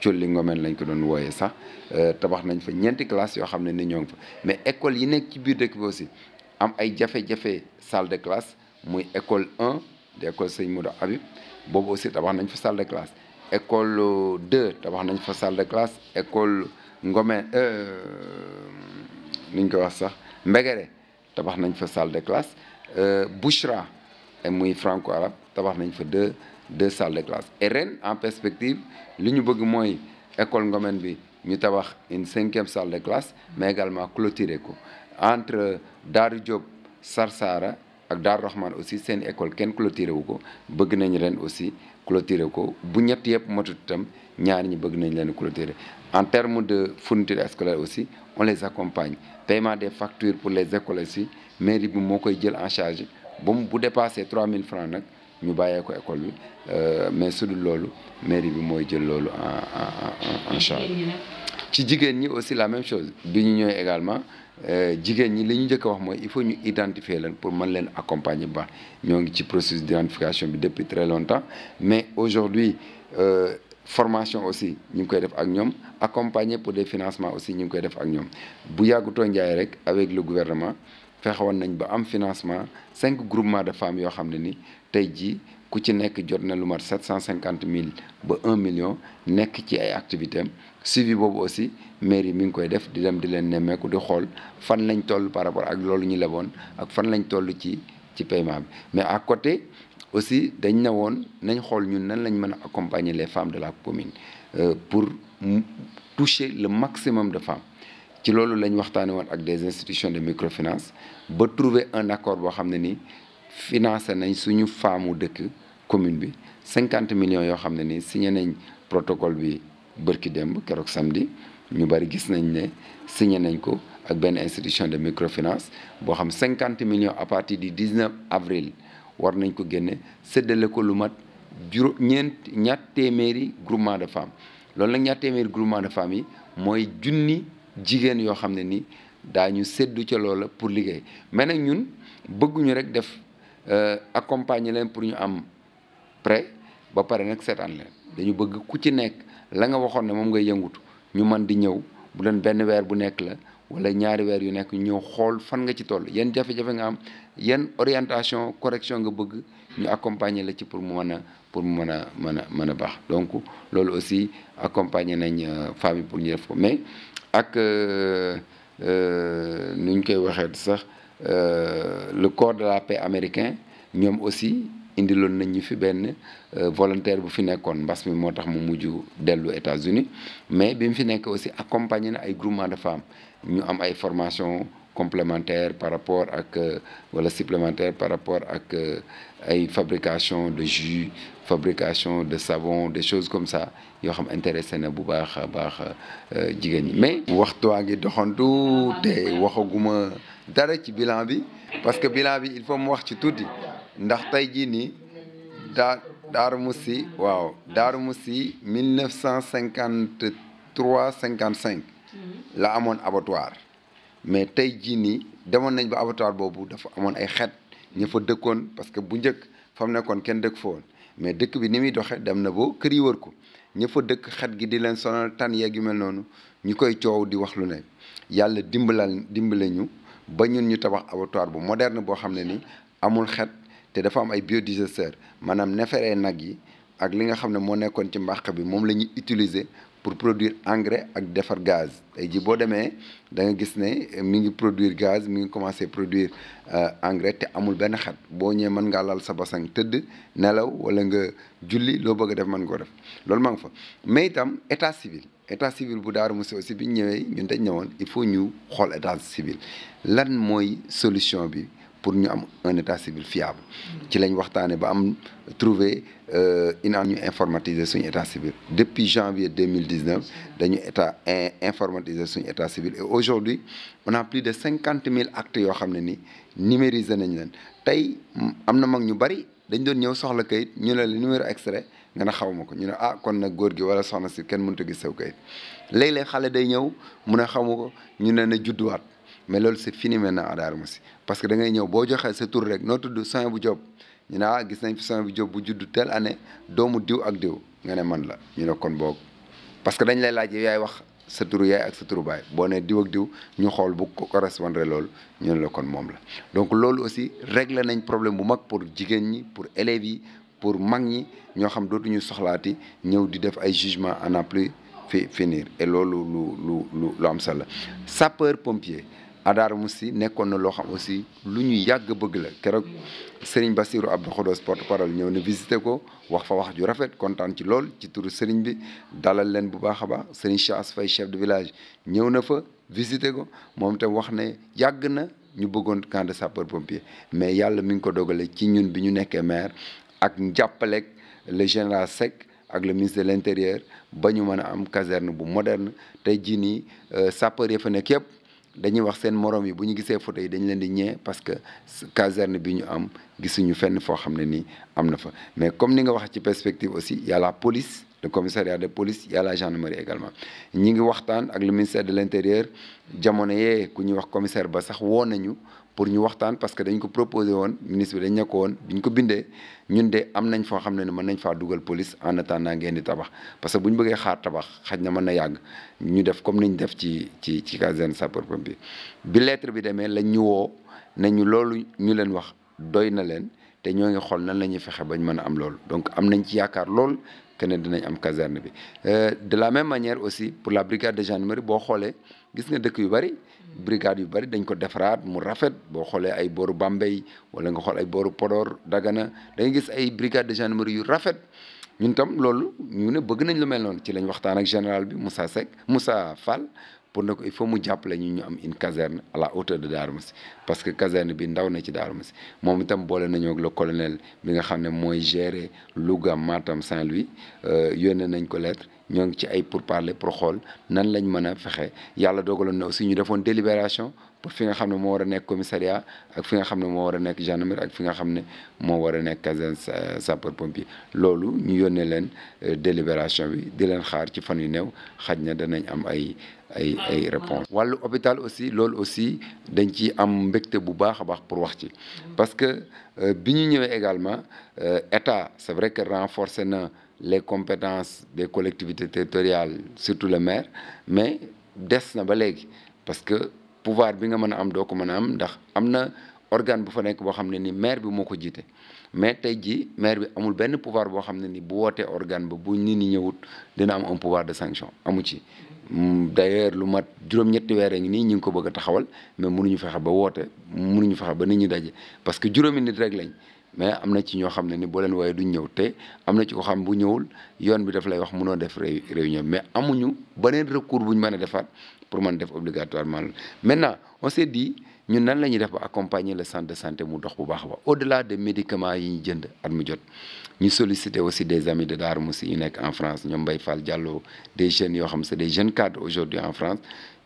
Colli Ngomen lañ ko doon wooyee sax euh, tabax nañ fa ñeenti classe yoo xam ne ni ñoo ngi fa mais école yi nekk ci biir dëkk bi aussi am ay jafe-jafe salle de classe muy école 1 di école Sëñ Modou boobu aussi tabax nañ fa salle de école 2 tabax fa salle de école Ngomen euh, nu ñu ko wax sax Mbegere tabax nañ fa salle de classe euh, Bouchra muy franco arabe tabax nañ fa deux deux salles de classe et ren en perspective li ñu bëgg mooy école Ngomen bi ñu tabax une cinquième salle de classe mais également clôturer ko entre Daaru Diop Sarsara ak Daaru Rahman aussi seen école kenn clôturer wu ko bëgg nañu ren aussi clôturer ko bu ñetti yëpp matut itam ñaar ñu bëgg nañ leen clôturer en terme de fourniture scolaire aussi on les accompagne paiement des factures pour les écoles aussi mairie bi moo koy jël en charge ba mu bu dépassé 3000 francs nag ñu bàyyee ko école bi euh, mais su dul loolu mairie bi mooy jël loolu en en en charge ci jigéen ñi aussi la même chose bi ñu ñëwee également euh, jigéen ñi li ñu njëkk a wax mooy il faut ñu identifier leen pour man leen accompagner bu baax ñoo ngi ci processus d'identification bi depuis très longtemps mais aujourd'hui euh, formation aussi ñu ngi koy def ak ñoom accompagner pour des financements aussi ñu ngi koy def ak ñoom bu yàggutoo njaay rek avec le gouvernement fexe nañ ba am financement cinq groupement de femmes yoo xam ne ni tey jii ku ci nekk jot na lu mat sept cent cinquante mille ba un million nekk ci ay activités am suivi boobu aussi yi mi ngi koy def di dem di leen nemmeeku di xool fan lañ toll par rapport ak loolu ñu leboon ak fan lañ toll ci ci payment bi mais à côté aussi dañ ne nañ xool ñun nan lañ mën a accompagner les femmes de la commune euh, pour toucher le maximum de femmes ci loolu lañ waxtaanee woon ak des institutions de microfinance ba trouver un accord boo xam ne ni financé nañ suñu faamu dëkk commune bi cinquante millions yoo xam ne ni signé nañ protocole bi bërki démb keroog samedi ñu bari gis nañ ne signé nañ ko ak benn institution de microfinance boo xam cinquante millions à partir du 19 avril war nañ ko génne séddale ko lu mat juróom ñeent ñaar téeméeri groupement de femmes loolu nag ñaar téeméeri groupement de femmes yi mooy junni. jigéen yoo xam ne ni daañu séddu ca loola pour liggéey mais nag ñun bëgguñu rek def euh, accompagner leen pour ñu am prêt ba pare nag seetaan leen dañu bëgg ku ci nekk la nga waxoon ne moom ngay yëngutu ñu man di ñëw bu doon benn weer bu nekk la wala ñaari weer yu nekk ñëw xool fan nga ci toll yan jafe-jafe nga am yan orientation correction nga bëgg ñu accompagner la ci pour mu mën a pour mën a mën a mën a baax donc loolu aussi accompagner nañ euh, femmes pour ñu def ko ak euh, euh, nu koy waxee sax euh, le corps de la paix américain ñoom aussi indiloon nañ ñu fi benn volontaire bu fi nekkoon mbas moo tax mu mujj dellu États-Unis mais bi mu fi nekk aussi accompagné na ay groupement de femmes ñu am ay formation complémentaire par rapport ak euh, wala supplémentaire par rapport ak euh, ay fabrication de jus fabrication de sabon de chose comme ça yoo xam intéressé na bu baax a baax euh, jigéen mais waxtuwaa ngi doxantu te waxaguma dara ci bilan bi parce que bilan bi il faut mu wax ci tuuti ndax tey jii nii daa Musi waaw Daaru Musi 1953 55 la amoon abattoir mais tey jii nii demoon nañ ba abattoir boobu dafa amoon ay xeet ñu fa dëkkoon parce que bu njëkk fa mu nekkoon kenn dëkk fa mais dëkk bi ni muy doxee dem na ba kër yi wër ko ña fa dëkk xet gi di leen sonal tan yeeg yu mel noonu ñu koy coow di wax lu ne yàlla dimbalal dimbale ñu ba ñun ñu tabax abattoir bu moderne boo xam ne ni amul xet te dafa am ay biodigesteur maanaam neefere nag yi ak li nga xam ne moo nekkoon ci mbàq bi moom la ñuy utiliser pour produire engrais ak defar gaz tey ji boo demee da nga gis ne mi ngi produire gaz mi ngi commencé produire euh, engrais te amul benn xet boo ñëwee mën ngaa laal sa basang tëdd nelaw wala nga julli loo bëgg def mën koo def loolu maa ngi fa mais itam état civil état civil bu Darou Mouhty aussi bi ñëwee ñun dañ ñëwoon il faut ñu xool état civil lan mooy solution bi pour ñu am un état civil fiable ci lañ waxtaanee ba am trouver ina euh, ñu informatiser suñu état civil depuis janvier 2019 dañu état informatiser suñu état civil et aujourd'hui on a plus de cinquante mille actes yoo xam ne ni numériser nañ leen tey am na mag ñu bari dañ doon ñëw soxla kayit ñu ne la numéro extrait nga ne xaw ma ko ñu ne ah kon nag góor gi wala soxna si kenn mënut te gis sew kayit léeg-léeg xale day ñëw mu ne xamu ko ñu ne na judduwaat mais loolu c'est fini maintenant à Darou Mousty parce que dangay ñëw boo joxee sa tur rek noo tudd Sonia bu Diop ñu ne ah gis nañ fi Sonia bu Diop bu juddu telle année doomu diw ak diw nga ne man la ñu ne kon boog parce que dañ lay laaj yow yaay wax sa turu yaay ak sa turu baay boo nee diw ak diw ñu xool bu ko correspondre loolu ñu ne la kon moom la donc loolu aussi réglé nañ problème bu mag pour jigéen ñi pour élèves yi pour mag ñi ñoo xam dootuñu soxlaati ñëw di def ay jugement à n'en plus finir et loolu lu lu lu lu am solo sapeur pompier adaar Adar si nekkoon na loo xam aussi lu ñu yàgg bëgg la keroog Serigne Bassirou Abdou Khodos porte parole ñëw na visité ko wax fa wax ju rafet kontaan ci lool ci turu Serigne bi dalal leen bu baax a baax Serigne Chaas Faye chef de village ñëw na fa visité ko moom te wax ne yàgg na ñu bëggoon camp de sapeur pompier mais yàlla mi ngi ko dogalee ci ñun bi ñu nekkee maire ak jàppaleeg le général Seck. ak le ministre de l'intérieur ba ñu mën a am caserne bu moderne tey jii nii euh, sapeur ya fa nekk yëpp dañuy wax seen morom yi bu ñu gisee photo yi dañ leen di ñee parce que caserne bi ñu am gisuñu fenn foo xam ne nii am na fa mais comme ni nga wax ci perspective aussi y a la police le commissariat de police y a la gendarmerie également ñi ngi waxtaan ak le ministère de l'intérieur jamono yee ku ñuy wax commissaire ba sax woo nañu pour ñu waxtaan parce que dañ ko proposé woon ministre bi dañ nekk woon biñ ko bindee ñun de am nañ foo xam ne ne mën nañ faa dugal police en attendant ngeen di tabax que bu ñu bëggee xaar na mën na yàgg ñu def comme ni ñu def ci ci ci caserne sapeur pompier bi lettre bi demee lañ ñu woo ne ñu loolu ñu leen wax doy na leen te ñoo ngi xool nan la ñuy fexe bañ mën a am loolu donc am nañ ci yaakaar lool keneen ne dinañ am caserne bi euh, de la même manière aussi pour la brigade de gendarmerie boo xoolee gis nga dëkk yu bari brigade yu bari dañ ko defaraat mu rafet boo xoolee ay booru Bambey wala nga xool ay booru podoor Dagana da gis ay brigade de gendarmerie yu rafet ñun tam loolu ñu ne bëgg nañ lu mel noonu ci lañ waxtaan ak général bi Moussa Seck Moussa Fall pour ne ko il faut mu jàppale ñu ñu am une caserne à la hauteur de Darou Mousty parce que caserne bi ndaw ne ci Darou Mousty moom itam boole nañoo ak le colonel bi nga xam ne mooy gérer Louga Matam Saint-Louis euh, yónnee nañ ko lettre ñoo ngi ci ay pourparlers pour xool nan lañ mën a fexe yàlla dogaloon na aussi ñu defoon délibération pour fi nga xam ne moo war a nekk commissariat ak fi nga xam ne moo war nekk gendarmerie ak fi nga xam ne moo war a nekk caserne euh, sapeur pompier loolu ñu yónnee leen euh, délibération bi di leen xaar ci fan yu néew xaj na danañ am ay ay ay réponse wàllu hôpital aussi loolu aussi dañ ci am mbégte bu baax a baax pour wax ci parce que euh, bi ñu ñëwee également état c'est vrai que renforcé na les compétences des collectivités territoriale surtout le maire mais des na ba léegi parce que pouvoir bi nga mën a am doo ko mën a am ndax am na organe bu fa nekk boo xam ne nii maire bi moo ko jiite mais tey ji maire bi amul benn pouvoir boo xam ne nii bu wootee organe ba bu nit ñi ñëwut dina am un pouvoir de sanction amu ci d'ailleurs lu mat juróom-ñetti weer ngi nii ñu ngi ko bëgg a taxawal mais mënuñu fexe ba woote mënuñu fexe ba nit ñi daje parce que juróomi rek lañ mais am na ci ñoo xam ne ni boo leen wooyee duñ ñëw te am na ci ko xam bu ñëwul yoon bi daf lay wax mënoo def réunion mais amuñu beneen recours bu ñu mën a defaat pour man def obligatoirement loolu maintenant on s'est dit ñun nan la ñuy def ba accompagner le centre de santé mu dox bu baax ba au-delà des médicaments yi ñu jënd at mu jot ñu solliciter aussi des amis de Darou Moussi yu nekk en France ñoom Mbaye Fall Diallo des jeunes yoo xam c'est des jeunes cadres aujourd'hui en France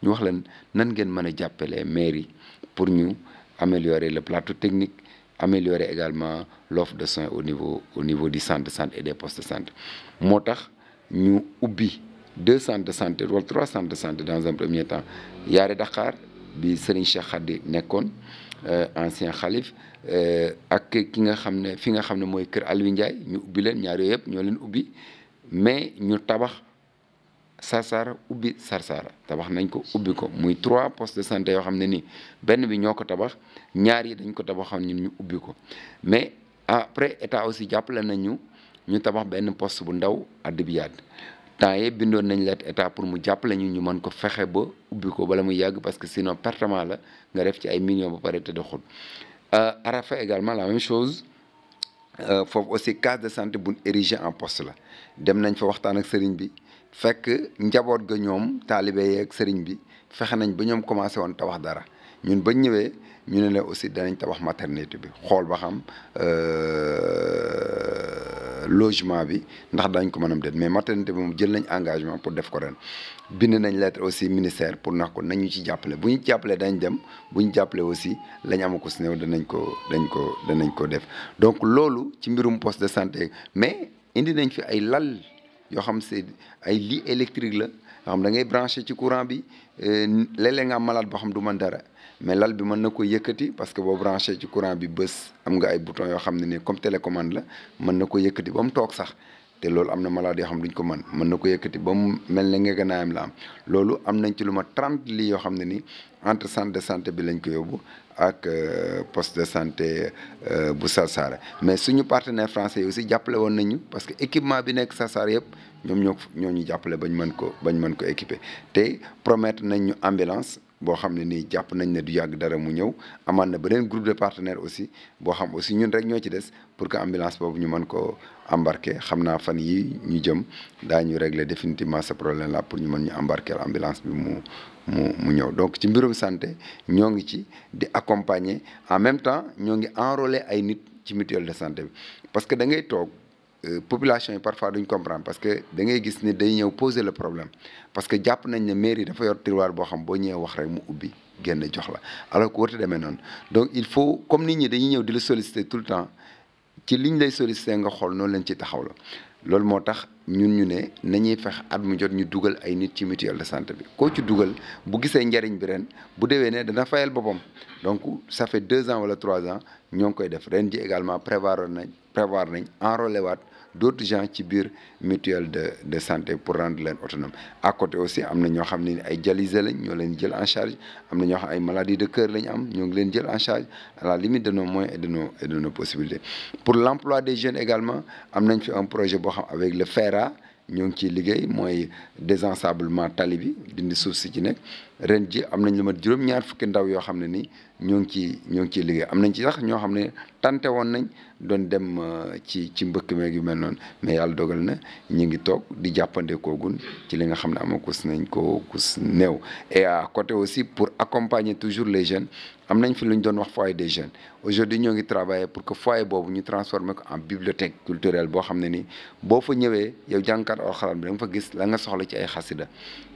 ñu wax leen nan ngeen mën a jàppalee mairie pour ñu améliorer le plateau technique améliorer également l'offre de soins au niveau au niveau du centre de et des postes de moo tax ñu ubbi deux centres de santé wala trois centres de santé dans un premier temps Yaare Dakar bi Serigne Cheikh Khadi nekkoon euh, ancien xalif euh, ak ki nga xam ne fi nga xam ne mooy kër Aliou ñu ubbi leen ñaar yooyu yëpp ñoo leen ubbi mais ñu tabax Sarsara ubbi Sarsara tabax nañ ko ubbi ko muy trois postes de santé yoo xam ne ni benn bi ñoo ko tabax ñaar yi dañ ko tabaxoon ñun ñu ubbi ko mais après état aussi jàppale nañ ñu ñu tabax benn poste bu ndaw à Dibiyad temps yee bindoon nañ lettre état pour mu jàppale ñu ñu mën ko fexe ba ubbi ko bala muy yàgg parce que sinon pertement la nga def ci ay millions ba pare te doxul euh, Arafa également la même chose. Euh, foofu aussi case de santé bu érigé en post la dem nañ fa waxtaan ak sëriñ bi fekk njaboot ga ñoom taalibe yeeg sëriñ bi fexe nañ ba ñoom commencé woon tabax dara ñun bañ ñëwee ñu ne la aussi danañ tabax maternité bi xool ba xam euh, logement bi ndax dañ ko mën a dem mais maternité bi moom jël nañ engagement pour def ko ren bind nañ lettre aussi ministère pour nax ko nañu ci jàppale bu ñu jàppale dañ dem bu ñu jàppale aussi lañ ama ko si néew danañ ko dañ ko danañ ko def donc loolu ci mbirum poste de santé mais indi nañ fi ay lal yoo xam c'est ay lit électrique la yoo xam da ngay branché ci courant bi euh, léeg-léeg nga am boo xam du man dara mais lal bi mën na ko yëkkati parce que boo branché ci courant bi bés am nga ay bouton yoo xam ne nii comme télécommande la mën na ko yëkkati ba mu toog sax te loolu am na malade yoo xam duñ ko man mën na ko yëkkati ba mu mel ne nga gënaayam la am loolu am nañ ci lu ma 30 lits yoo xam ne ni entre centre de santé bi lañ ko yóbbu ak euh, poste de santé euh, bu Sarsara mais suñu partenaire français yi aussi jàppale woon nañu parce que équipement bi nekk Sarsara yëpp ñoom ñoo ñoo ñu jàppale bañ man ko bañ mën ko équiper te promettre nañ ambulance boo xam ne nii jàpp nañ ne du yàgg dara mu ñëw amaan na beneen groupe de partenaires aussi boo xam aussi ñu rek ñoo ci des pour que ambulance boobu ñu mën ko embarquer xam naa fan yi ñu jëm daañu régler définitivement ce problème la pour ñu mën ñu ambarkee ambulance bi mu mu mu ñëw donc ci mbirum santé ñoo ngi ci di accompagner en même temps ñoo ngi enrôler ay nit ci mutuelle de santé bi parce que da ngay toog Euh, population yi parfois duñ comprendre parce que da ngay gis ni dañu ñëw poser le problème parce que jàpp nañ ne mairie dafa yor tiroir boo xam boo ñëwee wax rek mu ubbi génn jox la alors que warut demee noonu donc il faut comme nit ñi dañuy ñëw di la solliciter tout le temps ci liñ lay solliciter nga xool noonu lañ ci taxaw la loolu moo tax ñun ñu ne nañuy fex at mu jot ñu dugal ay nit ci mutuelle de santé bi koo ci dugal bu gisee njariñ bi ren bu déwee ne dana fayal boppam donc ça fait deux ans wala ans ñoo ngi koy def ren ji également prévoir nañ prévoir nañ enrôler waat d'autres gens ci biir mutuelle de de santé pour rendre leen autonome à côté aussi am na ñoo xam ne ay dialysés lañ ñoo leen jël en charge am na ñoo xam ay maladies de cœur lañ am ñoo ngi leen jël en charge à la limite de nos moyens et de nos et pour l'emploi des jeunes également am nañ fi un projet boo xam avec le FERA ñoo ngi ciy liggéey mooy désensablement tali bi dindi suuf si ci nekk ren ji am nañ lu mat juróom-ñaar fukki ndaw yoo xam ne ni ñoo ngi ci ñoo ngi ciy liggéey am nañ ci sax ñoo xam ne tante woon nañ doon dem euh, ci ci mbëkk meeg yu mel noonu mais yàlla dogal na ñu ngi toog di jàppande koogun ci li nga xam ne amakus nañ ko kus néew. et à côté aussi pour accompagner toujours les jeunes am nañ fi lu ñu doon wax foye des jeunes aujourd'hui ñoo ngi travailler pour que foyer boobu ñu transformer ko en bibliothèque culturelle boo xam ne ni boo fa ñëwee yow jànkat alxuraan bi da fa gis la soxla ci ay xasida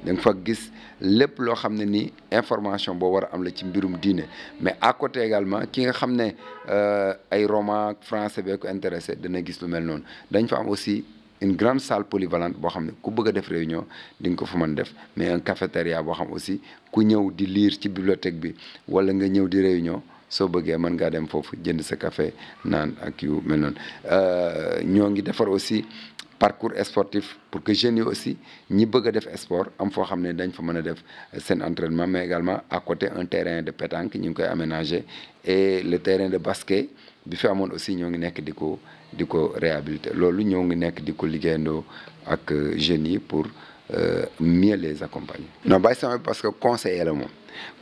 da nga fa gis lépp loo xam ne ni information boo war a am la ci mbirum diine mais à côté également ki nga xam ne euh, ay roman français bee ko intéressé dana gis lu mel noonu dañ fa am aussi une grande salle polyvalente boo xam ne ku bëgg a def réunion di nga ko fa mën def mais un cafétéria boo xam aussi ku ñëw di liir ci bibliothèque bi wala nga ñëw di réunion soo bëggee mën ngaa dem foofu jënd sa café naan ak yu mel noonu euh, ñoo ngi defar aussi parcours sportif pour que jeunes yi aussi ñi bëgg a def sport am foo xam ne dañ fa mën a def seen entraînement mais également a côté un terrain de pétanque ñu ngi koy aménager et le terrain de basket bi fi amoon aussi ñoo ngi nekk di ko di ko réhabiliter loolu ñoo ngi nekk di ko liggéeyandoo ak euh, jeunes yi pour euh, mieux les accompagner. non bàyyi sama parce que conseiller la moom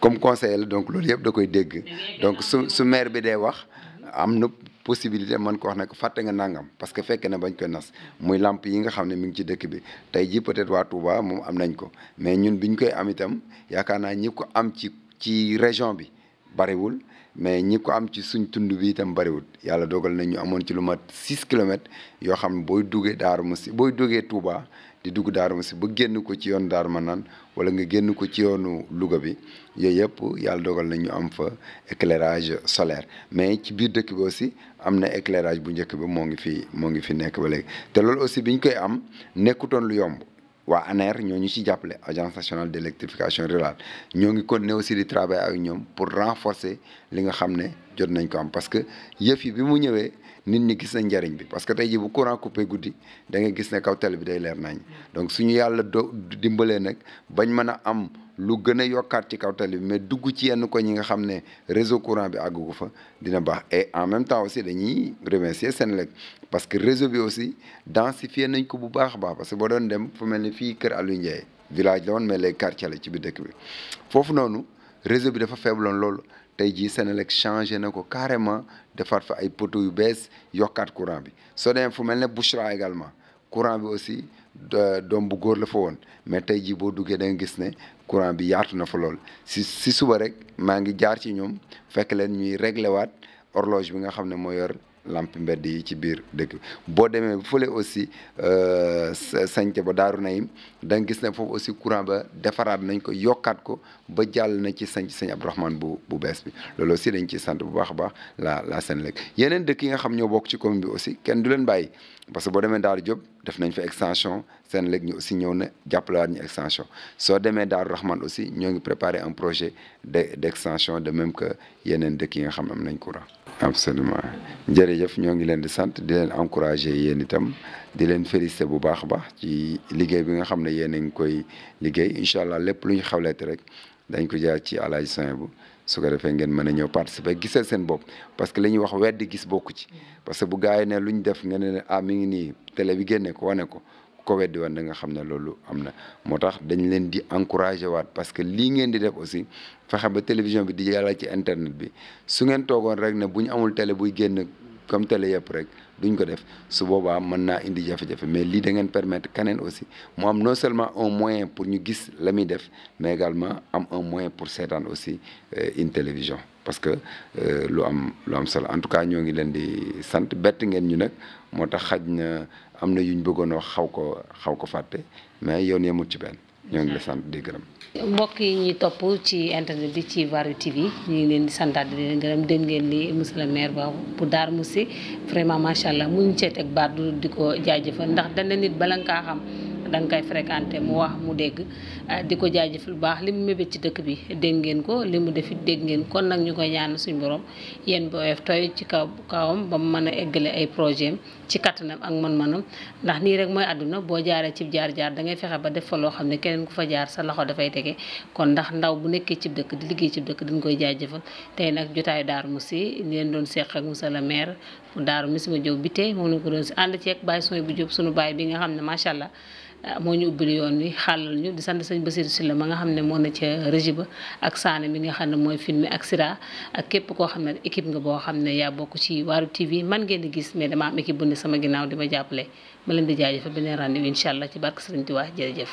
comme conseiller la donc loolu yëpp da koy dégg donc su su bi dee wax am na. possibilité man ko wax ne ko fàtte nga nangam parce que fekke na bañ koy nas muy làmp yi nga xam ne mi ngi ci dëkk bi tey ji peut-être waa moom am nañ ko mais ñun biñ koy am itam yaakaar naa ñi ko am ci ci région bi bariwul mais ñi ko am ci suñ tund bi itam bariwul yàlla dogal na ñu amoon ci lu mat 6 kilomètres yoo xam ne booy duggee Daaru Musi booy duggee Touba di dugg Daaru ba génn ko ci yoon Daaru Manaan wala nga génn ko ci yoonu Louga bi yooyu yëpp yàlla dogal na ñu am fa éclairage solaire mais ci biir dëkk bi aussi am na éclairage bu njëkk bi moo ngi fi moo ngi fi nekk ba léegi te loolu aussi bi ñu koy am nekkutoon lu yomb waa ANER ñoo ñu ci jàppale agence nationale d' électrification rurale ñoo ngi ne aussi di travail ak ñoom pour renforcer li nga xam ne jot nañ ko am parce que yëf yi bi mu ñëwee nit ñi gis nañ njariñ bi parce que tey ji bu courant coupé guddi da gis ne kaw télé bi day leer nañ donc suñu yàlla do dimbalee nag bañ mën a am. lu gën a yokkaat ci kaw tali bi mais dugg ci yenn ko ñi nga xam ne réseau courant bi àggu fa dina baax et en même temps aussi dañuy remercier Senelec parce que réseau bi aussi densifier nañ ko bu baax a baax parce que boo doon dem fu mel ni fii kër Aliou Ndiaye village la woon mais lay quartier la ci biir dëkk bi foofu noonu réseau bi dafa faible woon loolu tey jii Senelec changé na ko carrément defar fa ay poteaux yu bees yokkaat courant bi soo demee fu mel ne Bouchra également courant bi aussi doom bu góor la fa woon mais tey jii boo duggee da nga gis ne courant bi yaatu na fa lool si si suba rek maa ngi jaar ci ñoom fekk leen ñuy réglé waat horloge bi nga xam ne moo yor lamp mbedd yi ci biir dëkk boo demee fële aussi euh, sanc ba daaru nayim da nga gis ne foofu aussi courant ba defaraat nañ ko yokkaat ko ba jàll nañ ci sanc sëñ Abdourahmane bu bu bees bi loolu aussi dañ ciy sant bu baax a baax la la Senelec yeneen dëkk yi nga xam ñoo bokk ci commune bi aussi kenn du leen bàyyi parce que boo demee Daaru Diop def nañ fa extension Senelec ñu aussi ñëw na jàppalaat ñu extension soo demee Daaru Rahman aussi ñoo ngi préparé un projet de d' extension de même que yeneen dëkk yi nga xam am nañ courant absolument jërëjëf ñoo ngi leen di sant di leen encouragé yéen itam di leen félicité bu baax a baax ci liggéey bi nga xam ne yéen a ngi koy liggéey incha allah lépp lu ñu xawleeti rek dañ ko jaar ci alaaj soin bu su ko defee ngeen mën a ñëw participer gisal seen bopp parce que li ñuy wax weddi gis bokku ci parce que bu gars yi ne lu ñu def nga ne ah mi ngi nii télé bi génne ko wane ko ko weddi woon da nga xam ne loolu am na moo tax dañ leen di encouragé waat parce que lii ngeen di def aussi fexe ba télévision bi di jàllale ci internet bi su ngeen toogoon rek ne bu ñu amul télé buy génn comme télé yëpp rek duñ ko def su boobaa mën naa indi jafe-jafe mais lii da ngeen permettre keneen aussi moo am non seulement un moyen pour ñu gis la muy def mais également am un moyen pour seetaan aussi euh, une télévision parce que euh, lu am lu solo en tout cas ñoo ngi leen di sant bett ngeen ñu nag moo tax xaj na am na yuñ bëggoon wax xaw ko xaw ko fàtte mais yoon yemut ci benn ñoo ngi la sant di gërëm. mbokk yi ñuy topp ci internet bi ci Waarwi TV ñu ngi leen di santaat di leen gërëm dégg ngeen li monsieur le maire ba bu daar Mousty vraiment macha allah mu ñu cee teg baat di ko jaajëfal ndax dana nit bala nga kaa xam. da nga koy mu wax mu dégg ah, di ko jaajëf lu baax li mu mébét ci dëkk bi dégg ngeen ko li mu defit dégg ngeen kon nag ñu koy ñaan suñu borom yéen booyeef tooy ci kaw ba mu mën a eggale ay projet am ci kattanam ak man-manam ndax nii rek mooy àdduna boo jaaree cib jaar-jaar da ngay fexe ba def fa loo xam ne keneen ku fa jaar sa loxo dafay tege kon ndax ndaw bu nekkee cib dëkk di liggéey ci dëkk dañ koy jaajëfal tey nag jotaayu Darou Mousty ni leen doon seq ak monsieur le maire Darou Mousty ma Diop bi tey moom lañ ko doon si ànd ceeg bàyyi sooy bu Diop suñu baay bi nga xam ne macha Euh, moo ñu ubbil yoon wi xàllal ñu di sant sëñ Basiru la ma nga xam ne moo na ca régie ba ak Saane mi nga xam ne mooy filmé ak Sira ak képp koo xam ne équipe nga boo xam ne yaa bokk ci Waarwi TV man ngeen di gis mais dama am équipe bu sama ginnaaw di ma jàppale ma leen di jaay jaajëfal beneen rendez-vous incha allah ci barke Sëriñ Tuubaa jërëjëf